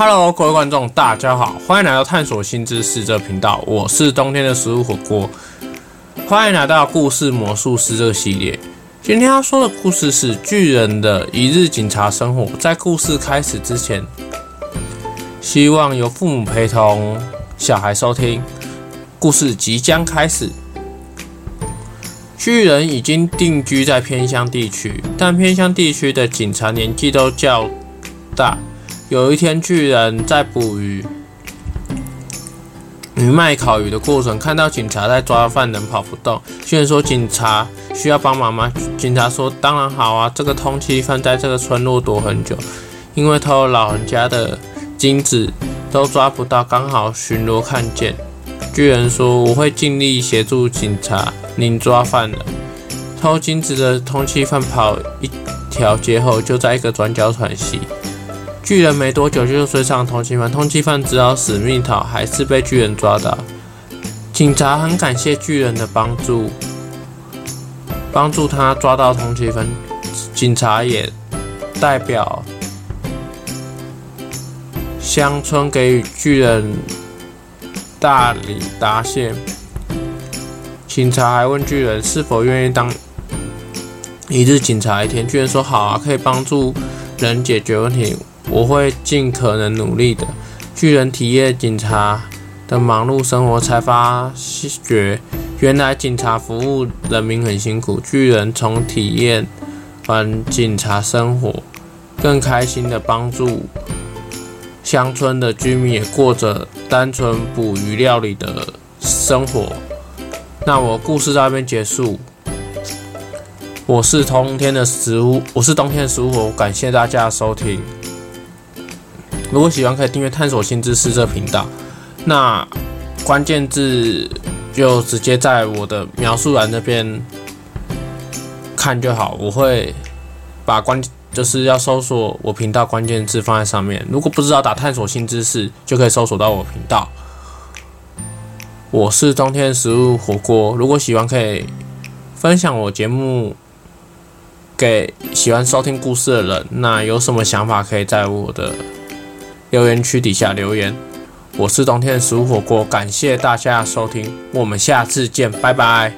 Hello，各位觀眾，大家好，歡迎來到探索新知識這頻道，我是冬天的食物火鍋。歡迎來到故事魔術師這個系列。今天要說的故事是巨人的一日警察生活。在故事開始之前，希望由父母陪同小孩收聽。故事即將開始。巨人已經定居在偏鄉地區，但偏鄉地區的警察年紀都較大。有一天，巨人在捕魚，魚賣烤魚的過程，看到警察在抓犯人，跑不動。巨人說：“警察需要幫忙嗎？”警察說：“當然好啊，這個通緝犯在這個村落躲很久，因為偷老人家的金子都抓不到，剛好巡邏看見。”巨人說：“我會盡力協助警察，您抓犯人。”偷金子的通緝犯跑一條街後，就在一個轉角喘息。巨人沒多久就追上通緝犯，通緝犯只好死命逃，還是被巨人抓到。警察很感謝巨人的幫助，幫助他抓到通緝犯。警察也代表鄉村給予巨人大禮答謝。警察還問巨人是否願意當一日警察一天，巨人說好啊，可以幫助人解決問題。我會盡可能努力的，巨人體驗警察的忙碌生活，才發覺原來警察服務人民很辛苦。巨人從體驗完警察生活，更開心的幫助鄉村的居民，也過着單純捕魚料理的生活。那我故事到這邊結束。我是冬天的食物，我是冬天的食物。感謝大家的收聽。如果喜歡，可以訂閱“探索新知識”這個頻道。那關鍵字就直接在我的描述欄那邊看就好。我會把關就是要搜索我頻道關鍵字放在上面。如果不知道打“探索新知識”，就可以搜索到我頻道。我是冬天食物火鍋。如果喜歡，可以分享我節目給喜歡收聽故事的人。那有什麼想法，可以在我的。留言區底下留言，我是冬天的食物火鍋，感謝大家收聽，我們下次見，拜拜。